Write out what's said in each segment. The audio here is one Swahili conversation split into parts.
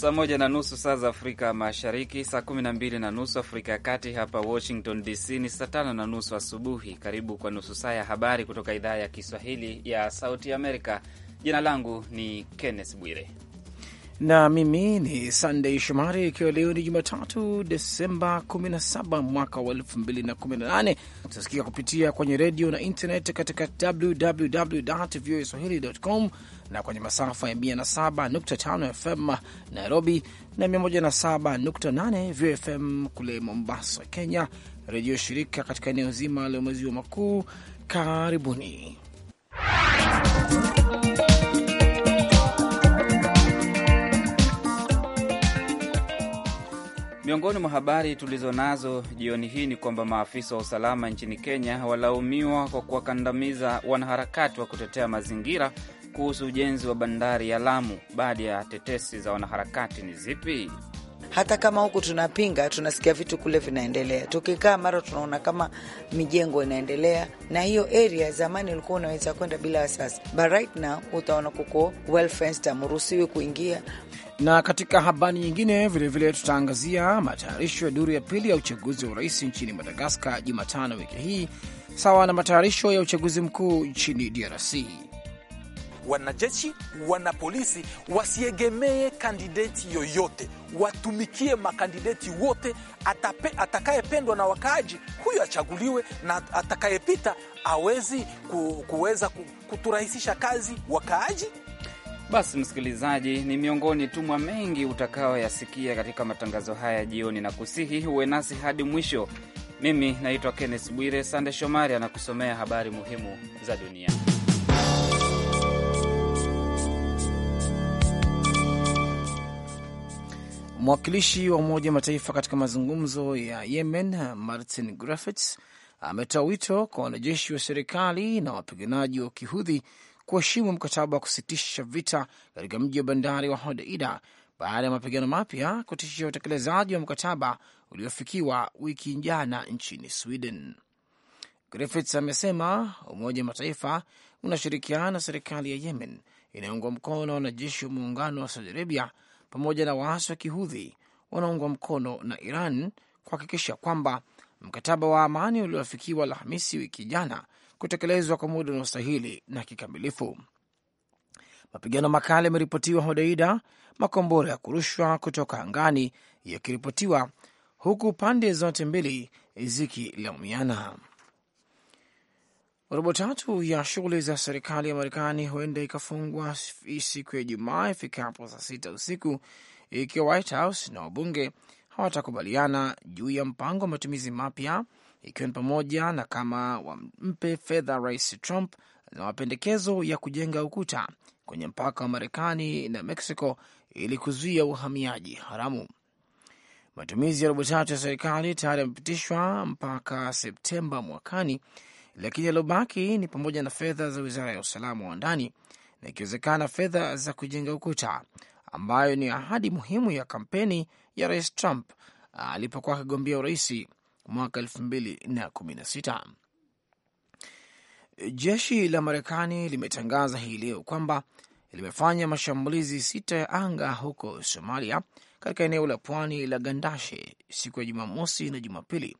saa moja na nusu saa za Afrika Mashariki, saa kumi na mbili na nusu Afrika ya Kati. Hapa Washington DC ni saa tano na nusu asubuhi. Karibu kwa nusu saa ya habari kutoka idhaa ya Kiswahili ya Sauti Amerika. Jina langu ni Kenneth Bwire na mimi ni Sunday Shomari, ikiwa leo ni Jumatatu Desemba 17 mwaka wa 2018. Tutasikika kupitia kwenye redio na internet katika www voa swahilicom na kwenye masafa ya 107.5 FM Nairobi na 107.8 VFM kule Mombasa, Kenya, redio shirika katika eneo zima la maziwa makuu. Karibuni Miongoni mwa habari tulizo nazo jioni hii ni kwamba maafisa wa usalama nchini Kenya walaumiwa kwa kuwakandamiza wanaharakati wa kutetea mazingira kuhusu ujenzi wa bandari ya Lamu. Baadhi ya tetesi za wanaharakati ni zipi? Hata kama huku tunapinga, tunasikia vitu kule vinaendelea. Tukikaa mara tunaona kama mijengo inaendelea, na hiyo area zamani ulikuwa unaweza kwenda bila wasasi, but right now utaona kuko well fenced, amruhusiwi kuingia, na katika habari nyingine vilevile, tutaangazia matayarisho ya duru ya pili ya uchaguzi wa urais nchini Madagaskar Jumatano wiki hii, sawa na matayarisho ya uchaguzi mkuu nchini DRC. Wanajeshi wana polisi wasiegemee kandideti yoyote, watumikie makandideti wote. Atakayependwa na wakaaji huyo achaguliwe, na atakayepita awezi ku, kuweza kuturahisisha kazi wakaaji basi msikilizaji, ni miongoni tu mwa mengi utakaoyasikia katika matangazo haya jioni, na kusihi uwe nasi hadi mwisho. Mimi naitwa Kenneth Bwire. Sande Shomari anakusomea habari muhimu za dunia. Mwakilishi wa Umoja Mataifa katika mazungumzo ya Yemen, Martin Griffiths, ametoa wito kwa wanajeshi wa serikali na wapiganaji wa kihudhi kuheshimu mkataba wa kusitisha vita katika mji wa bandari wa Hodeida baada ya mapigano mapya kutishia utekelezaji wa mkataba uliofikiwa wiki jana nchini Sweden. Griffiths amesema Umoja wa Mataifa unashirikiana na serikali ya Yemen inayoungwa mkono na wanajeshi wa muungano wa Saudi Arabia pamoja na waasi wa kihudhi wanaungwa mkono na Iran kuhakikisha kwamba mkataba wa amani ulioafikiwa Alhamisi wiki jana kutekelezwa kwa muda unaostahili na kikamilifu. Mapigano makali yameripotiwa Hodeida, makombora ya kurushwa kutoka angani yakiripotiwa, huku pande zote mbili zikilaumiana. Robo tatu ya shughuli za serikali ya Marekani huenda ikafungwa siku ya Ijumaa ifikapo saa sita usiku ikiwa White House na wabunge hawatakubaliana juu ya mpango wa matumizi mapya ikiwa ni pamoja na kama wampe fedha Rais Trump na mapendekezo ya kujenga ukuta kwenye mpaka wa Marekani na Meksiko ili kuzuia uhamiaji haramu. Matumizi ya robo tatu ya serikali tayari yamepitishwa mpaka Septemba mwakani, lakini yaliobaki ni pamoja na fedha za wizara ya usalama wa ndani na ikiwezekana fedha za kujenga ukuta, ambayo ni ahadi muhimu ya kampeni ya Rais Trump alipokuwa akigombea uraisi mwaka sita. Jeshi la Marekani limetangaza hii leo kwamba limefanya mashambulizi sita ya anga huko Somalia, katika eneo la pwani la Gandashe siku ya Jumamosi na Jumapili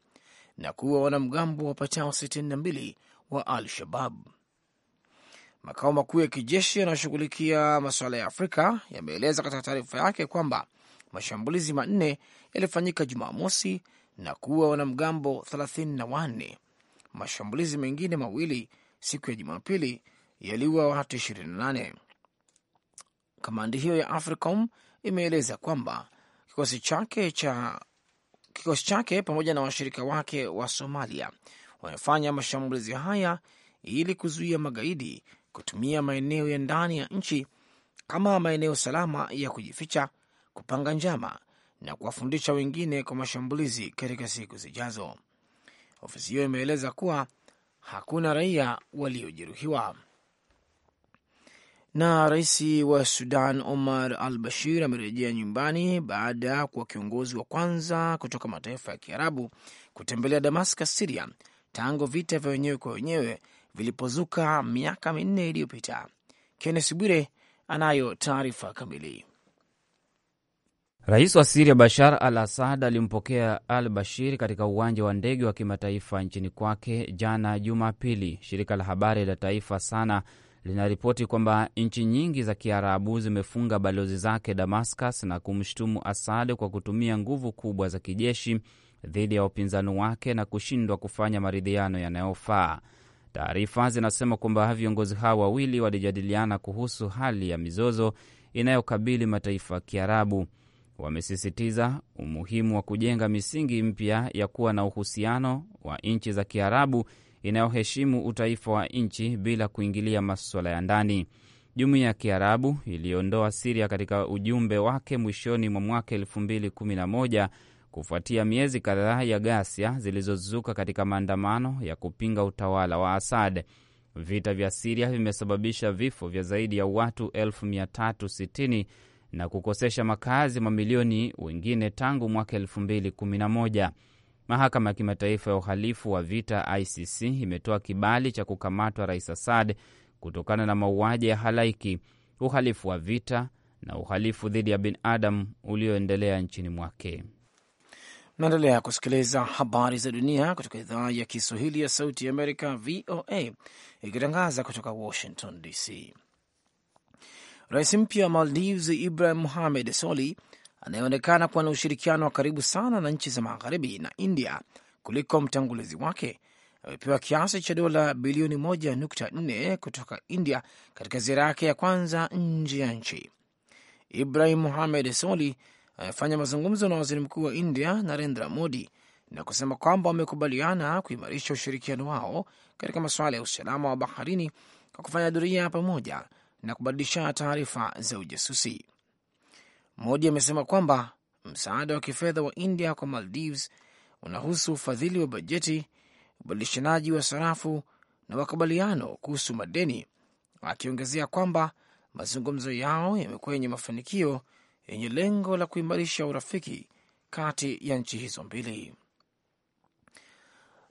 na kuwa wanamgambo wapatao 62 wa Al-Shabab. Makao makuu ya kijeshi yanayoshughulikia masuala ya Afrika yameeleza katika taarifa yake kwamba mashambulizi manne yalifanyika Jumamosi na kuwa wanamgambo 34. Mashambulizi mengine mawili siku ya Jumapili yaliua watu 28. Kamandi hiyo ya AFRICOM imeeleza kwamba kikosi chake cha kikosi chake pamoja na washirika wake wa Somalia wamefanya mashambulizi haya ili kuzuia magaidi kutumia maeneo ya ndani ya nchi kama maeneo salama ya kujificha, kupanga njama na kuwafundisha wengine kwa mashambulizi katika siku zijazo. Ofisi hiyo imeeleza kuwa hakuna raia waliojeruhiwa. Na rais wa Sudan Omar al Bashir amerejea nyumbani baada ya kuwa kiongozi wa kwanza kutoka mataifa ya Kiarabu kutembelea Damascus, Siria, tangu vita vya wenyewe kwa wenyewe vilipozuka miaka minne iliyopita. Kennes Bwire anayo taarifa kamili. Rais wa Siria Bashar al Assad alimpokea al Bashir katika uwanja wa ndege wa kimataifa nchini kwake jana Jumapili. Shirika la habari la taifa Sana linaripoti kwamba nchi nyingi za Kiarabu zimefunga balozi zake Damascus na kumshutumu Assad kwa kutumia nguvu kubwa za kijeshi dhidi ya upinzani wake na kushindwa kufanya maridhiano yanayofaa. Taarifa zinasema kwamba viongozi hao wawili walijadiliana kuhusu hali ya mizozo inayokabili mataifa ya Kiarabu wamesisitiza umuhimu wa kujenga misingi mpya ya kuwa na uhusiano wa nchi za Kiarabu inayoheshimu utaifa wa nchi bila kuingilia maswala ya ndani. Jumuiya ya Kiarabu iliondoa Siria katika ujumbe wake mwishoni mwa mwaka 2011 kufuatia miezi kadhaa ya ghasia zilizozuka katika maandamano ya kupinga utawala wa Asad. Vita vya Siria vimesababisha vifo vya zaidi ya watu 360,000 na kukosesha makazi mamilioni wengine tangu mwaka elfu Mahakama ya Kimataifa ya Uhalifu wa Vita ICC imetoa kibali cha kukamatwa Rais Assad kutokana na mauaji ya halaiki, uhalifu wa vita na uhalifu dhidi ya binadamu ulioendelea nchini mwake. naendelea kusikiliza habari za dunia kutoka idhaa ya Kiswahili ya Sauti ya Amerika, VOA, ikitangaza kutoka Washington DC. Rais mpya wa Maldives Ibrahim Mohamed Soli anayeonekana kuwa na ushirikiano wa karibu sana na nchi za magharibi na India kuliko mtangulizi wake amepewa kiasi cha dola bilioni 1.4 kutoka India katika ziara yake ya kwanza nje ya nchi. Ibrahim Mohamed Soli amefanya mazungumzo na waziri mkuu wa India Narendra Modi na kusema kwamba wamekubaliana kuimarisha ushirikiano wao katika masuala ya usalama wa baharini kwa kufanya doria pamoja na kubadilishana taarifa za ujasusi. Modi amesema kwamba msaada wa kifedha wa India kwa Maldives unahusu ufadhili wa bajeti, ubadilishanaji wa sarafu na makubaliano kuhusu madeni, akiongezea kwamba mazungumzo yao yamekuwa yenye mafanikio yenye lengo la kuimarisha urafiki kati ya nchi hizo mbili.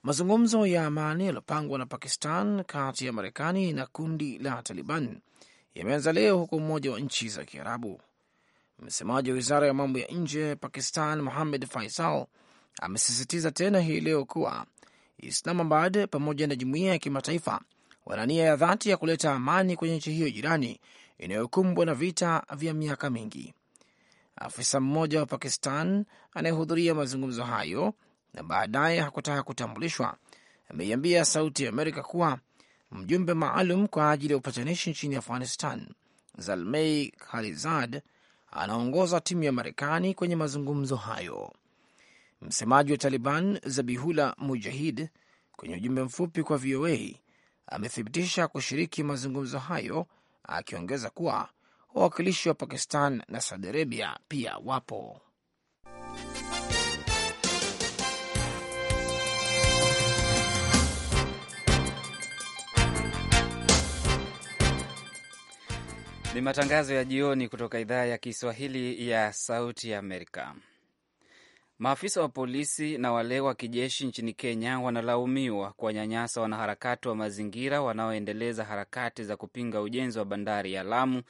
Mazungumzo ya amani yaliyopangwa na Pakistan kati ya Marekani na kundi la Taliban yameanza leo huko Umoja wa Nchi za Kiarabu. Msemaji wa wizara ya mambo ya nje Pakistan, Muhamed Faisal, amesisitiza tena hii leo kuwa Islamabad pamoja na jumuiya ya kimataifa wana nia ya dhati ya kuleta amani kwenye nchi hiyo jirani inayokumbwa na vita vya miaka mingi. Afisa mmoja wa Pakistan anayehudhuria mazungumzo hayo na baadaye hakutaka kutambulishwa ameiambia Sauti ya Amerika kuwa Mjumbe maalum kwa ajili ya upatanishi nchini Afghanistan, Zalmei khalizad anaongoza timu ya Marekani kwenye mazungumzo hayo. Msemaji wa Taliban Zabihullah Mujahid kwenye ujumbe mfupi kwa VOA amethibitisha kushiriki mazungumzo hayo, akiongeza kuwa wawakilishi wa Pakistan na Saudi Arabia pia wapo. Ni matangazo ya jioni kutoka idhaa ya Kiswahili ya Sauti Amerika. Maafisa wa polisi na wale wa kijeshi nchini Kenya wanalaumiwa kuwanyanyasa wanaharakati wa mazingira wanaoendeleza harakati za kupinga ujenzi wa bandari ya Lamu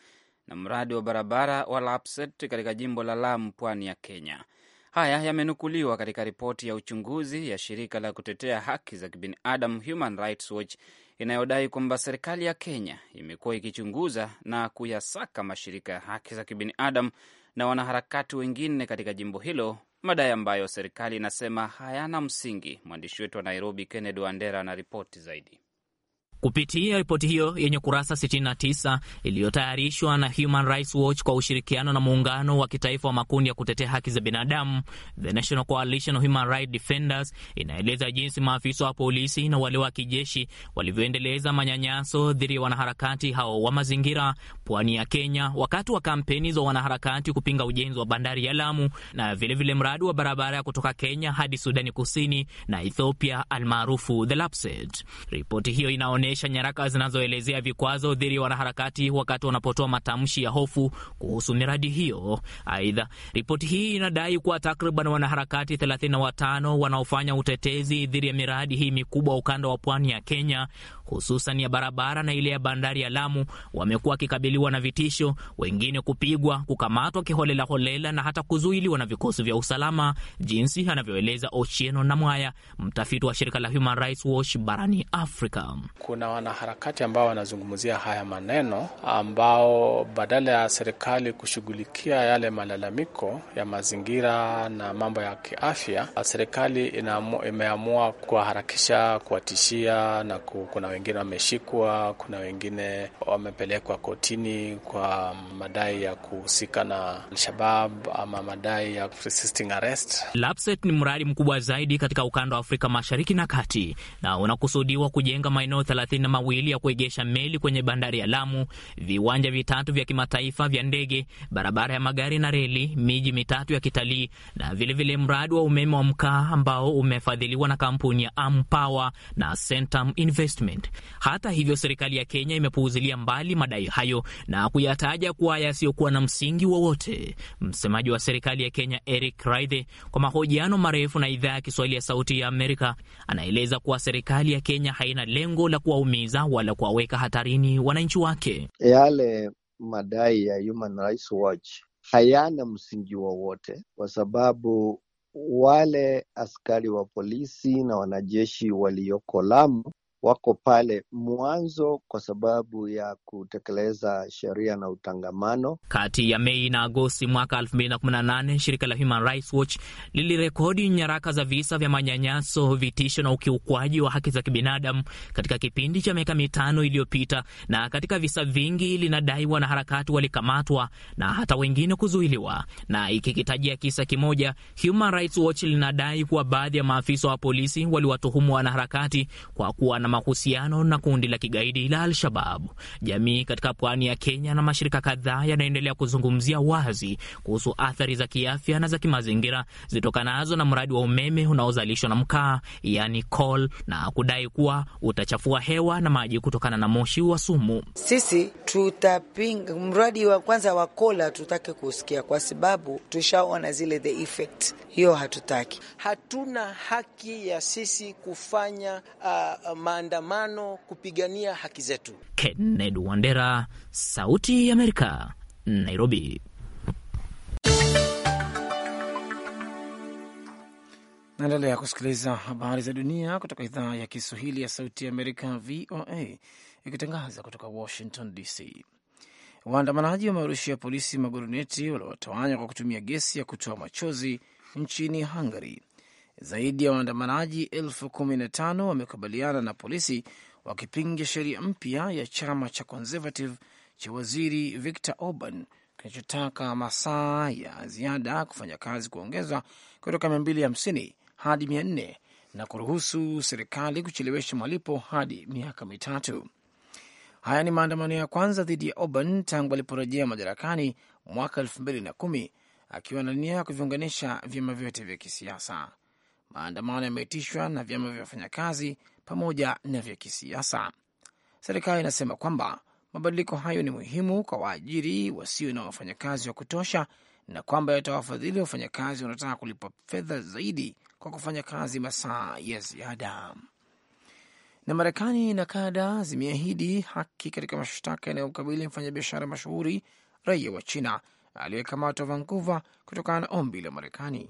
na mradi wa barabara wa lapset katika jimbo la Lamu, pwani ya Kenya. Haya yamenukuliwa katika ripoti ya uchunguzi ya shirika la kutetea haki za kibinadamu Human Rights Watch inayodai kwamba serikali ya Kenya imekuwa ikichunguza na kuyasaka mashirika ya haki za kibinadamu na wanaharakati wengine katika jimbo hilo, madai ambayo serikali inasema hayana msingi. Mwandishi wetu wa Nairobi, Kennedy Wandera, anaripoti zaidi. Kupitia ripoti hiyo yenye kurasa 69 iliyotayarishwa na Human Rights Watch kwa ushirikiano na muungano wa kitaifa wa makundi ya kutetea haki za binadamu, The National Coalition of Human Rights Defenders inaeleza jinsi maafisa wa polisi na wale wa kijeshi walivyoendeleza manyanyaso dhidi ya wanaharakati hao wa mazingira pwani ya Kenya wakati wa kampeni za wanaharakati kupinga ujenzi wa bandari ya Lamu na vilevile mradi wa barabara ya kutoka Kenya hadi Sudani Kusini na Ethiopia almaarufu the Lapsset. Ripoti hiyo inaone imeonyesha nyaraka zinazoelezea vikwazo dhidi ya wanaharakati wakati wanapotoa matamshi ya hofu kuhusu miradi hiyo. Aidha, ripoti hii inadai kuwa takriban wanaharakati 35 wanaofanya utetezi dhidi ya miradi hii mikubwa ukanda wa pwani ya Kenya, hususan ya barabara na ile ya bandari ya Lamu, wamekuwa wakikabiliwa na vitisho, wengine kupigwa, kukamatwa kiholelaholela na hata kuzuiliwa na vikosi vya usalama, jinsi anavyoeleza Ochieno Namwaya, mtafiti wa shirika la Human Rights Watch barani Afrika kuna wanaharakati ambao wanazungumzia haya maneno, ambao badala ya serikali kushughulikia yale malalamiko ya mazingira na mambo ya kiafya, serikali imeamua kuwaharakisha, kuwatishia na ku, kuna wengine wameshikwa, kuna wengine wamepelekwa kotini kwa madai ya kuhusika na alshabab shabab ama madai ya resisting arrest. Lapset ni mradi mkubwa zaidi katika ukanda wa Afrika Mashariki na Kati na unakusudiwa kujenga maeneo thelathini na mawili ya kuegesha meli kwenye bandari ya Lamu, viwanja vitatu vya kimataifa vya ndege, barabara ya magari na reli, miji mitatu ya kitalii na vilevile mradi wa umeme wa mkaa ambao umefadhiliwa na kampuni ya Ampower na Centum Investment. Hata hivyo, serikali ya Kenya imepuuzilia mbali madai hayo na kuyataja kuwa yasiyokuwa na msingi wowote. Msemaji wa serikali ya Kenya Eric Raithe, kwa mahojiano marefu na idhaa ya Kiswahili ya Sauti ya Amerika, anaeleza kuwa serikali ya Kenya haina lengo la kuwa kuwaumiza wala kuwaweka hatarini wananchi wake. Yale madai ya Human Rights Watch hayana msingi wowote kwa sababu wale askari wa polisi na wanajeshi walioko Lamu wako pale mwanzo kwa sababu ya kutekeleza sheria na utangamano. Kati ya Mei na Agosti mwaka 2018 shirika la Human Rights Watch lilirekodi nyaraka za visa vya manyanyaso, vitisho na ukiukwaji wa haki za kibinadamu katika kipindi cha miaka mitano iliyopita, na katika visa vingi linadai wanaharakati walikamatwa na hata wengine kuzuiliwa. Na ikikitajia kisa kimoja, Human Rights Watch linadai kuwa baadhi ya maafisa wa polisi waliwatuhumu wanaharakati kwa kuwa na mahusiano na kundi la kigaidi la Al-Shababu. Jamii katika pwani ya Kenya na mashirika kadhaa yanaendelea kuzungumzia wazi kuhusu athari za kiafya na za kimazingira zitokanazo na mradi wa umeme unaozalishwa na mkaa, yani coal, na kudai kuwa utachafua hewa na maji kutokana na moshi wa sumu. Sisi tutapinga mradi wa kwanza wa kola, tutake kusikia kwa sababu tushaona zile the effect hiyo, hatutaki. Hatuna haki ya sisi kufanya uh, uh ma maandamano kupigania haki zetu. Kennedy Wandera, Sauti ya Amerika, Nairobi. Naendelea kusikiliza habari za dunia kutoka idhaa ya Kiswahili ya Sauti ya Amerika, VOA, ikitangaza kutoka Washington DC. Waandamanaji wamewarushia polisi maguruneti waliotawanywa kwa kutumia gesi ya kutoa machozi nchini Hungary zaidi ya waandamanaji elfu kumi na tano na polisi wakipinga sheria mpya ya chama cha Conservative cha waziri Victor Orban kinachotaka masaa ya ziada kufanya kazi kuongezwa kutoka mia mbili hamsini hadi mia nne na kuruhusu serikali kuchelewesha malipo hadi miaka mitatu. Haya ni maandamano ya kwanza dhidi ya Orban tangu aliporejea madarakani mwaka elfu mbili na kumi akiwa na nia ya kuviunganisha vyama vyote vya kisiasa maandamano yameitishwa na vyama vya wafanyakazi pamoja na vya kisiasa. Serikali inasema kwamba mabadiliko hayo ni muhimu kwa waajiri wasio na wafanyakazi wa kutosha na kwamba yatawafadhili wafanyakazi wanaotaka kulipwa fedha zaidi kwa kufanya kazi masaa ya ziada. Na Marekani na Kanada zimeahidi haki katika mashtaka yanayomkabili mfanyabiashara mashuhuri raia wa China aliyekamatwa Vancouver kutokana na ombi la Marekani.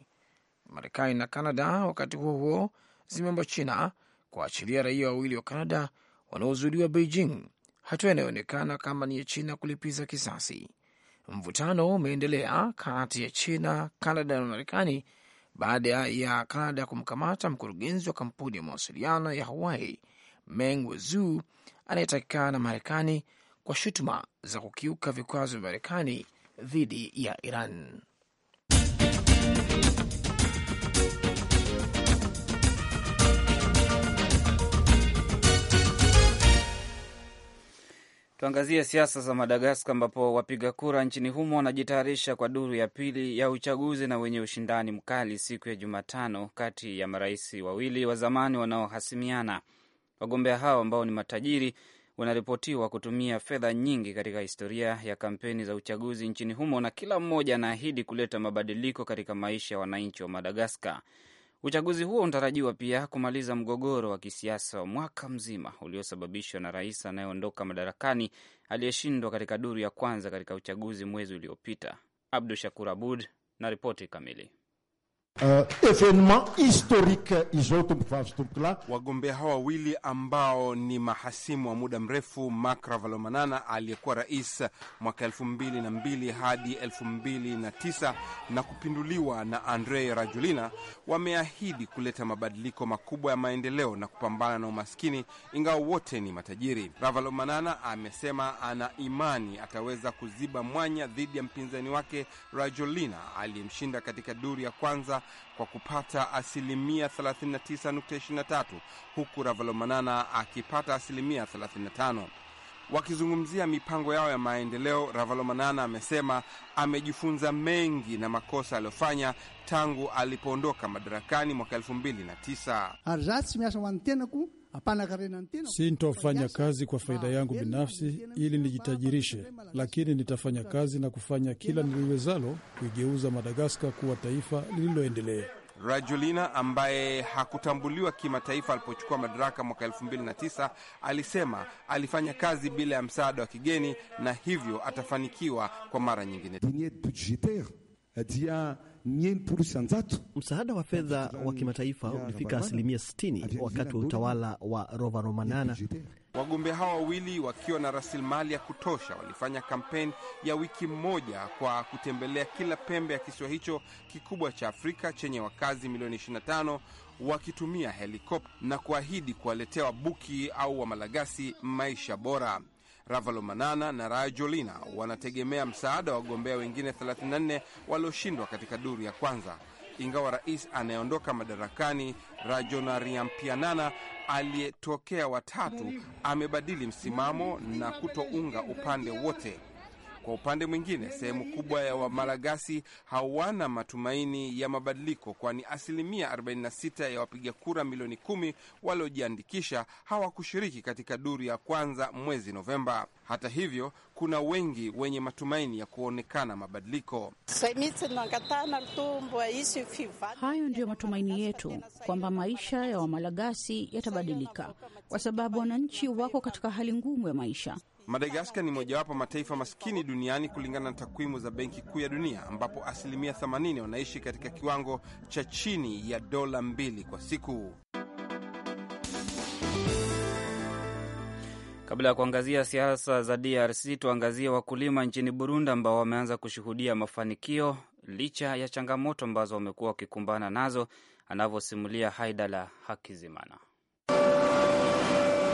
Marekani na Kanada wakati huo huo zimeomba China kuachilia raia wawili wa Kanada wanaozuiliwa Beijing, hatua inayoonekana kama ni ya China kulipiza kisasi. Mvutano umeendelea kati ya China, Kanada na Marekani baada ya Kanada kumkamata mkurugenzi wa kampuni ya mawasiliano ya Hawaii Meng Wanzhou anayetakikana na Marekani kwa shutuma za kukiuka vikwazo vya Marekani dhidi ya Iran. Tuangazie siasa za Madagaskar, ambapo wapiga kura nchini humo wanajitayarisha kwa duru ya pili ya uchaguzi na wenye ushindani mkali siku ya Jumatano, kati ya marais wawili wa zamani wanaohasimiana. Wagombea hao ambao ni matajiri wanaripotiwa kutumia fedha nyingi katika historia ya kampeni za uchaguzi nchini humo, na kila mmoja anaahidi kuleta mabadiliko katika maisha ya wananchi wa Madagaskar. Uchaguzi huo unatarajiwa pia kumaliza mgogoro wa kisiasa wa mwaka mzima uliosababishwa na rais anayeondoka madarakani aliyeshindwa katika duru ya kwanza katika uchaguzi mwezi uliopita. Abdu Shakur Abud na ripoti kamili. Uh, evenement historique wagombea hawa wawili ambao ni mahasimu wa muda mrefu, Marc Ravalomanana aliyekuwa rais mwaka elfu mbili na mbili hadi elfu mbili na tisa na kupinduliwa na Andre Rajolina wameahidi kuleta mabadiliko makubwa ya maendeleo na kupambana na umaskini, ingawa wote ni matajiri. Ravalomanana amesema ana imani ataweza kuziba mwanya dhidi ya mpinzani wake Rajolina aliyemshinda katika duri ya kwanza kwa kupata asilimia 39.23 huku Ravalomanana akipata asilimia 35. Wakizungumzia mipango yao ya maendeleo, Ravalomanana amesema amejifunza mengi na makosa aliyofanya tangu alipoondoka madarakani mwaka 2009. Sintofanya kazi kwa faida yangu binafsi ili nijitajirishe, lakini nitafanya kazi na kufanya kila niliwezalo kuigeuza Madagaskar kuwa taifa lililoendelea. Rajulina ambaye hakutambuliwa kimataifa alipochukua madaraka mwaka 2009 alisema alifanya kazi bila ya msaada wa kigeni na hivyo atafanikiwa kwa mara nyingine dia msaada wa fedha wa kimataifa ulifika asilimia 60 wakati wa utawala wa Rova Romanana. Wagombea hawa wawili wakiwa na rasilimali ya kutosha walifanya kampeni ya wiki moja kwa kutembelea kila pembe ya kisiwa hicho kikubwa cha Afrika chenye wakazi milioni 25 wakitumia helikopta na kuahidi kuwaletea wabuki au wamalagasi maisha bora. Ravalomanana na Rajolina wanategemea msaada wa wagombea wengine 34 walioshindwa katika duru ya kwanza, ingawa rais anayeondoka madarakani Rajonariampianana aliyetokea watatu amebadili msimamo na kutounga upande wote. Kwa upande mwingine, sehemu kubwa ya Wamalagasi hawana matumaini ya mabadiliko, kwani asilimia 46 ya wapiga kura milioni 1 waliojiandikisha hawakushiriki katika duru ya kwanza mwezi Novemba. Hata hivyo, kuna wengi wenye matumaini ya kuonekana mabadiliko. Hayo ndiyo matumaini yetu kwamba maisha ya Wamalagasi yatabadilika, kwa sababu wananchi wako katika hali ngumu ya maisha Madagaskar ni mojawapo mataifa maskini duniani kulingana na takwimu za Benki Kuu ya Dunia, ambapo asilimia 80 wanaishi katika kiwango cha chini ya dola mbili kwa siku. Kabla ya kuangazia siasa za DRC, tuangazie wakulima nchini Burundi ambao wameanza kushuhudia mafanikio licha ya changamoto ambazo wamekuwa wakikumbana nazo, anavyosimulia Haidala Hakizimana.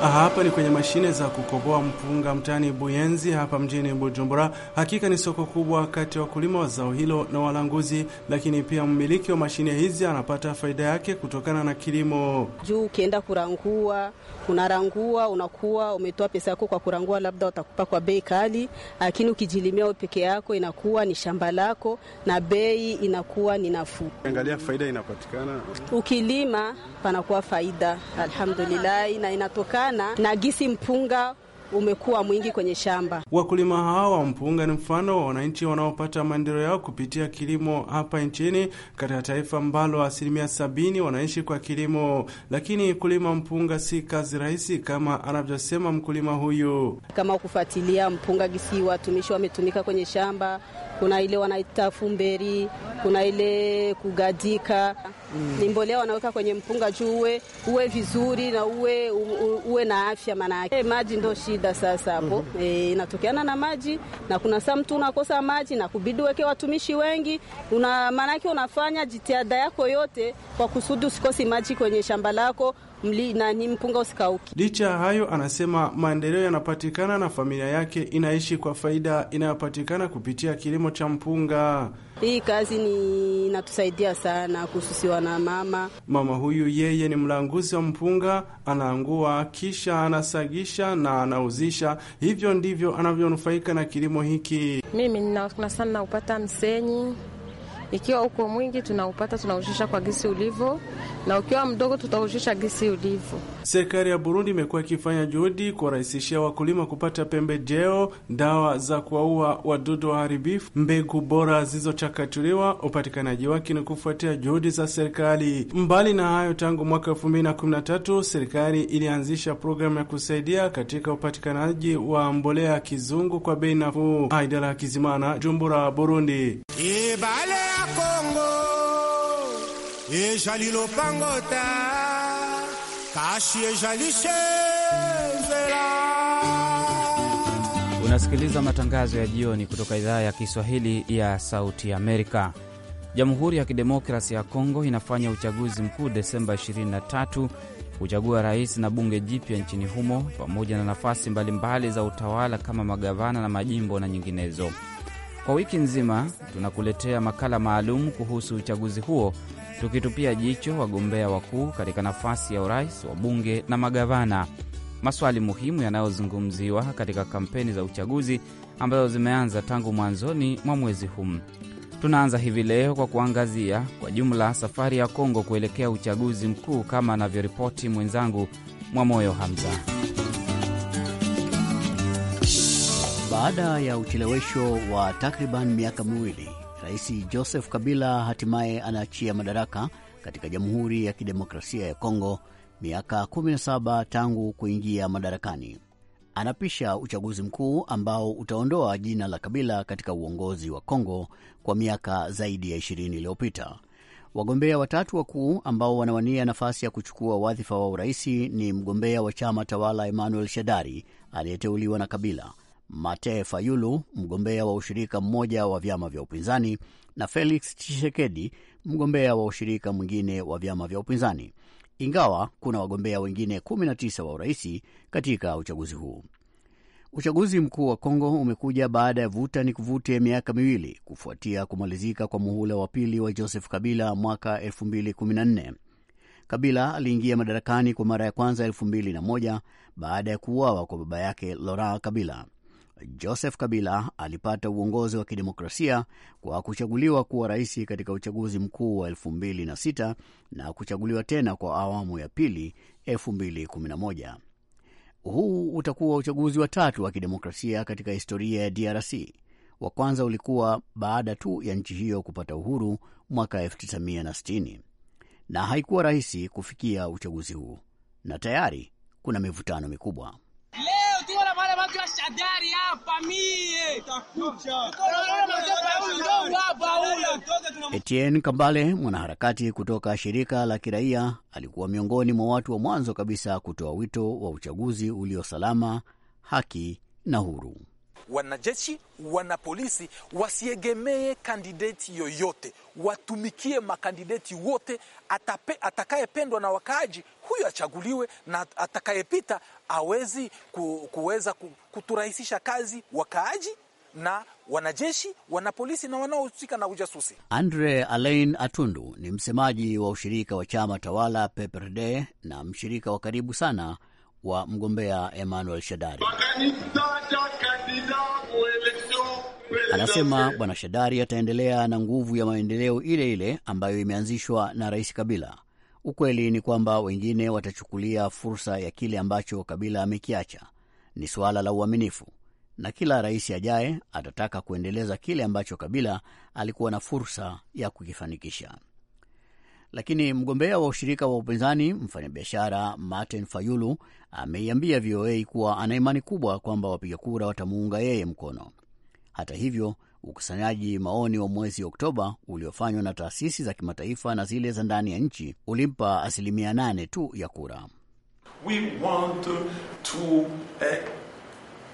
Ah, hapa ni kwenye mashine za kukoboa mpunga mtaani Buyenzi hapa mjini Bujumbura. Hakika ni soko kubwa kati ya wakulima wa zao hilo na walanguzi, lakini pia mmiliki wa mashine hizi anapata faida yake kutokana na kilimo juu ukienda kurangua unarangua, unakuwa umetoa pesa yako kwa kurangua, labda watakupa kwa bei kali, lakini ukijilimia wewe peke yako inakuwa ni shamba lako na bei inakuwa ni nafuu. Angalia faida inapatikana ukilima, panakuwa faida alhamdulillah, na inatokana na gisi mpunga umekuwa mwingi kwenye shamba. Wakulima hawa wa mpunga ni mfano wa wananchi wanaopata maendeleo yao kupitia kilimo hapa nchini, katika taifa ambalo asilimia sabini wanaishi kwa kilimo. Lakini kulima mpunga si kazi rahisi kama anavyosema mkulima huyu. Kama kufuatilia mpunga gisi watumishi wametumika kwenye shamba kuna ile wanaita fumberi, kuna ile kugadika mm. Ni mbolea wanaweka kwenye mpunga juu uwe, uwe vizuri na uwe, uwe na afya manake. E, maji ndo shida sasa hapo mm -hmm. E, inatokeana na maji na kuna saa mtu unakosa maji na kubidi weke watumishi wengi una, manake unafanya jitihada yako yote kwa kusudi usikosi maji kwenye shamba lako mli, nani mpunga usikauki. Licha ya hayo, anasema maendeleo yanapatikana na familia yake inaishi kwa faida inayopatikana kupitia kilimo cha mpunga. Hii kazi ni inatusaidia sana kususiwa na mama. Mama huyu yeye ni mlanguzi wa mpunga, anaangua kisha anasagisha na anauzisha. Hivyo ndivyo anavyonufaika na kilimo hiki. Mimi nina sana upata msenyi ikiwa uko mwingi, tunaupata tunaushisha kwa gisi ulivo, na ukiwa mdogo, tutaushisha gisi ulivo. Serikali ya Burundi imekuwa ikifanya juhudi kuwarahisishia wakulima kupata pembejeo, dawa za kuwaua wadudu waharibifu, mbegu bora zilizochakachuliwa. Upatikanaji wake ni kufuatia juhudi za serikali. Mbali na hayo, tangu mwaka 2013 serikali ilianzisha programu ya kusaidia katika upatikanaji wa mbolea ya kizungu kwa bei nafuu. Aidara Kizimana, Jumbura, Burundi. Kibale. Kongo ezali lopango kasi ezali shenzela. Unasikiliza matangazo ya jioni kutoka idhaa ya Kiswahili ya Sauti Amerika. Jamhuri ya Kidemokrasi ya Kongo inafanya uchaguzi mkuu Desemba 23 kuchagua rais na bunge jipya nchini humo pamoja na nafasi mbalimbali za utawala kama magavana na majimbo na nyinginezo. Kwa wiki nzima tunakuletea makala maalum kuhusu uchaguzi huo, tukitupia jicho wagombea wakuu katika nafasi ya urais, wabunge na magavana, maswali muhimu yanayozungumziwa katika kampeni za uchaguzi ambazo zimeanza tangu mwanzoni mwa mwezi huu. Tunaanza hivi leo kwa kuangazia kwa jumla safari ya Kongo kuelekea uchaguzi mkuu, kama anavyoripoti mwenzangu Mwamoyo Hamza. Baada ya uchelewesho wa takriban miaka miwili, Rais Joseph Kabila hatimaye anaachia madaraka katika Jamhuri ya Kidemokrasia ya Kongo, miaka 17 tangu kuingia madarakani. Anapisha uchaguzi mkuu ambao utaondoa jina la Kabila katika uongozi wa Kongo kwa miaka zaidi ya 20 iliyopita. Wagombea watatu wakuu ambao wanawania nafasi ya kuchukua wadhifa wa uraisi ni mgombea wa chama tawala Emmanuel Shadari aliyeteuliwa na Kabila, Mate Fayulu, mgombea wa ushirika mmoja wa vyama vya upinzani, na Felix Tshisekedi, mgombea wa ushirika mwingine wa vyama vya upinzani, ingawa kuna wagombea wengine 19 wa uraisi katika uchaguzi huu. Uchaguzi mkuu wa Kongo umekuja baada ya vuta ni kuvute miaka miwili kufuatia kumalizika kwa muhula wa pili wa Joseph Kabila mwaka 2014. Kabila aliingia madarakani kwa mara ya kwanza 2001 baada ya kuuawa kwa baba yake Laurent Kabila. Joseph Kabila alipata uongozi wa kidemokrasia kwa kuchaguliwa kuwa rais katika uchaguzi mkuu wa 2006 na kuchaguliwa tena kwa awamu ya pili 2011. Huu utakuwa uchaguzi wa tatu wa kidemokrasia katika historia ya DRC. Wa kwanza ulikuwa baada tu ya nchi hiyo kupata uhuru mwaka 1960, na haikuwa rahisi kufikia uchaguzi huu, na tayari kuna mivutano mikubwa. Kadari hapa mie Etienne Kambale, mwanaharakati kutoka shirika la kiraia, alikuwa miongoni mwa watu wa mwanzo kabisa kutoa wito wa uchaguzi ulio salama, haki na huru wanajeshi, wana polisi wasiegemee kandideti yoyote, watumikie makandideti wote. Atape, atakayependwa na wakaaji huyo achaguliwe, na atakayepita awezi ku, kuweza kuturahisisha kazi wakaaji na wanajeshi wanapolisi na wanaohusika na ujasusi. Andre Alain Atundu ni msemaji wa ushirika wa chama tawala PPRD na mshirika wa karibu sana wa mgombea Emmanuel Shadari. Pakani, Anasema Bwana Shadari ataendelea na nguvu ya maendeleo ile ile ambayo imeanzishwa na Rais Kabila. Ukweli ni kwamba wengine watachukulia fursa ya kile ambacho Kabila amekiacha. Ni suala la uaminifu, na kila rais ajaye atataka kuendeleza kile ambacho Kabila alikuwa na fursa ya kukifanikisha. Lakini mgombea wa ushirika wa upinzani mfanyabiashara Martin Fayulu ameiambia VOA kuwa ana imani kubwa kwamba wapiga kura watamuunga yeye mkono. Hata hivyo, ukusanyaji maoni wa mwezi Oktoba uliofanywa na taasisi za kimataifa na zile za ndani ya nchi ulimpa asilimia nane tu ya kura. We want to, uh,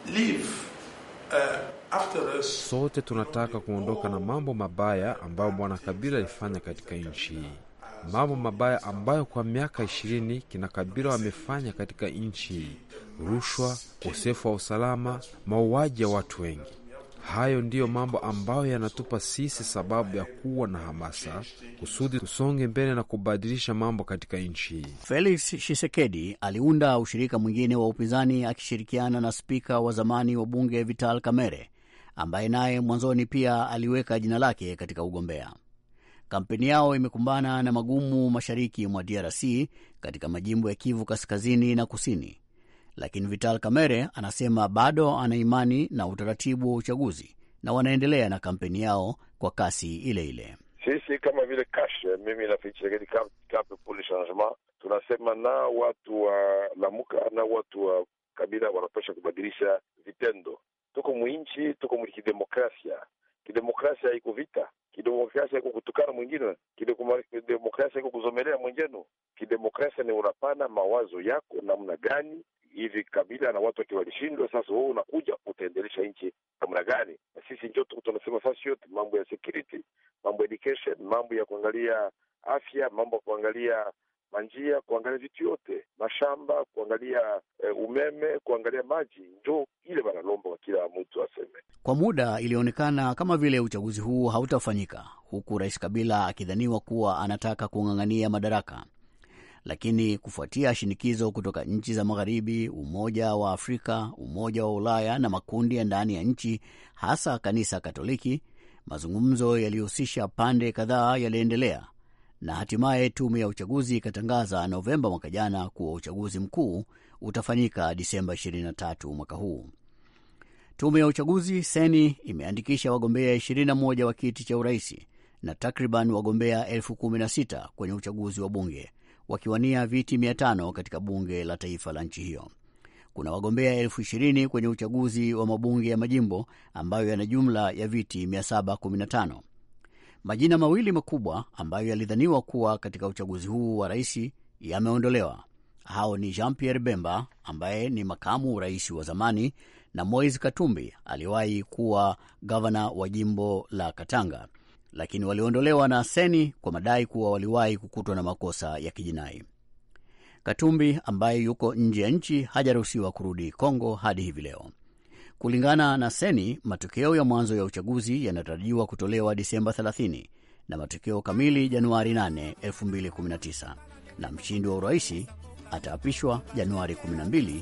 uh... Sote tunataka kuondoka na mambo mabaya ambayo Bwana Kabila alifanya katika nchi hii, mambo mabaya ambayo kwa miaka ishirini kina Kabila wamefanya katika nchi hii: rushwa, ukosefu wa usalama, mauaji ya watu wengi. Hayo ndiyo mambo ambayo yanatupa sisi sababu ya kuwa na hamasa kusudi tusonge mbele na kubadilisha mambo katika nchi hii. Felix Shisekedi aliunda ushirika mwingine wa upinzani akishirikiana na spika wa zamani wa bunge Vital Kamerhe ambaye naye mwanzoni pia aliweka jina lake katika ugombea. Kampeni yao imekumbana na magumu mashariki mwa DRC katika majimbo ya Kivu kaskazini na kusini lakini Vital Kamerhe anasema bado ana imani na utaratibu wa uchaguzi na wanaendelea na kampeni yao kwa kasi ile ile. Sisi kama vile kash mimi changement tunasema na watu wa Lamuka na watu wa Kabila wanapasha kubadilisha vitendo. Tuko mwinchi, tuko mwi Kidemokrasia kidemokrasia haiko vita, kidemokrasia iko kutukana mwingine, kidemokrasia iko kuzomelea mwenjenu Kidemokrasia ni unapana mawazo yako namna gani hivi kabila na watu wakiwa walishindwa, sasa wewe unakuja utaendelesha nchi namna gani? Na sisi ndio tunasema sasa, yote mambo ya security, mambo ya education, mambo ya kuangalia afya, mambo ya kuangalia manjia, kuangalia vitu yote, mashamba, kuangalia e, umeme, kuangalia maji, ndio ile wanalomba kwa kila mtu aseme. Kwa muda ilionekana kama vile uchaguzi huu hautafanyika, huku Rais Kabila akidhaniwa kuwa anataka kung'ang'ania madaraka lakini kufuatia shinikizo kutoka nchi za Magharibi, Umoja wa Afrika, Umoja wa Ulaya na makundi ya ndani ya nchi, hasa Kanisa Katoliki, mazungumzo yaliyohusisha pande kadhaa yaliendelea na hatimaye tume ya uchaguzi ikatangaza Novemba mwaka jana kuwa uchaguzi mkuu utafanyika Disemba 23 mwaka huu. Tume ya uchaguzi seni imeandikisha wagombea 21 wa kiti cha uraisi na takriban wagombea elfu 16 kwenye uchaguzi wa bunge wakiwania viti 500 katika bunge la taifa la nchi hiyo. Kuna wagombea elfu ishirini kwenye uchaguzi wa mabunge ya majimbo ambayo yana jumla ya viti 715. Majina mawili makubwa ambayo yalidhaniwa kuwa katika uchaguzi huu wa rais yameondolewa. Hao ni Jean Pierre Bemba ambaye ni makamu rais wa zamani na Moise Katumbi aliyewahi kuwa gavana wa jimbo la Katanga lakini waliondolewa na Seni kwa madai kuwa waliwahi kukutwa na makosa ya kijinai. Katumbi ambaye yuko nje ya nchi hajaruhusiwa kurudi Kongo hadi hivi leo. Kulingana na Seni, matokeo ya mwanzo ya uchaguzi yanatarajiwa kutolewa Disemba 30 na matokeo kamili Januari 8, 2019 na mshindi wa uraisi ataapishwa Januari 12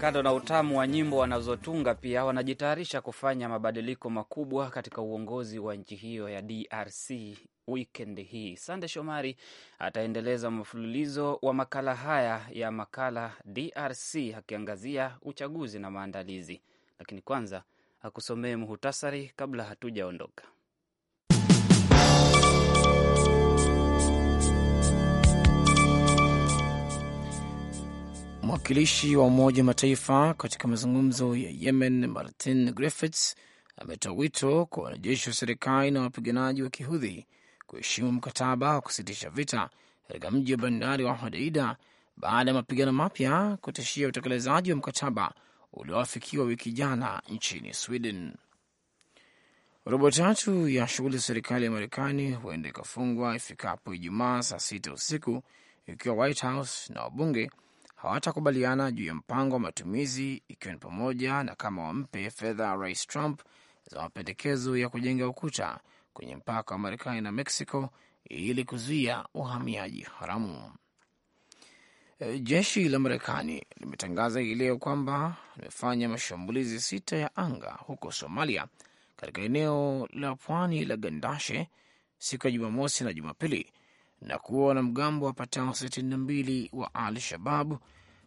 Kando na utamu wa nyimbo wanazotunga, pia wanajitayarisha kufanya mabadiliko makubwa katika uongozi wa nchi hiyo ya DRC. Wikendi hii Sande Shomari ataendeleza mfululizo wa makala haya ya makala DRC akiangazia uchaguzi na maandalizi, lakini kwanza akusomee muhutasari kabla hatujaondoka. Mwakilishi wa Umoja wa Mataifa katika mazungumzo ya Yemen, Martin Griffiths, ametoa wito kwa wanajeshi wa serikali na wapiganaji wa kihudhi kuheshimu mkataba wa kusitisha vita katika mji wa bandari wa Hodeida baada ya mapigano mapya kutishia utekelezaji wa mkataba ulioafikiwa wiki jana nchini Sweden. Robo tatu ya shughuli za serikali ya Marekani huenda ikafungwa ifikapo Ijumaa saa sita usiku ikiwa White House na wabunge hawatakubaliana juu ya mpango wa matumizi, ikiwa ni pamoja na kama wampe fedha Rais Trump za mapendekezo ya kujenga ukuta kwenye mpaka wa Marekani na Mexico ili kuzuia uhamiaji haramu. E, jeshi la Marekani limetangaza hii leo kwamba limefanya mashambulizi sita ya anga huko Somalia, katika eneo la pwani la Gandashe siku ya Jumamosi na Jumapili, na kuwa wanamgambo wapatao 62 wa Al Shababu.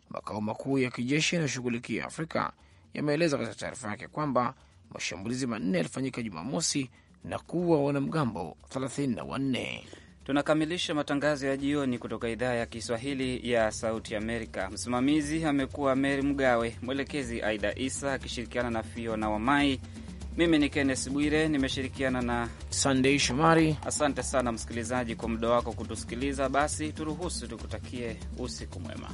Makao makuu ya kijeshi yanayoshughulikia Afrika yameeleza katika taarifa yake kwamba mashambulizi manne yalifanyika Jumamosi na kuwa wanamgambo 34. Tunakamilisha matangazo ya jioni kutoka idhaa ya Kiswahili ya Sauti Amerika. Msimamizi amekuwa Meri Mgawe, mwelekezi Aida Isa akishirikiana na Fiona Wamai. Mimi ni Kennes Bwire, nimeshirikiana na Sandei Shomari. Asante sana msikilizaji kwa muda wako kutusikiliza. Basi turuhusu tukutakie usiku mwema.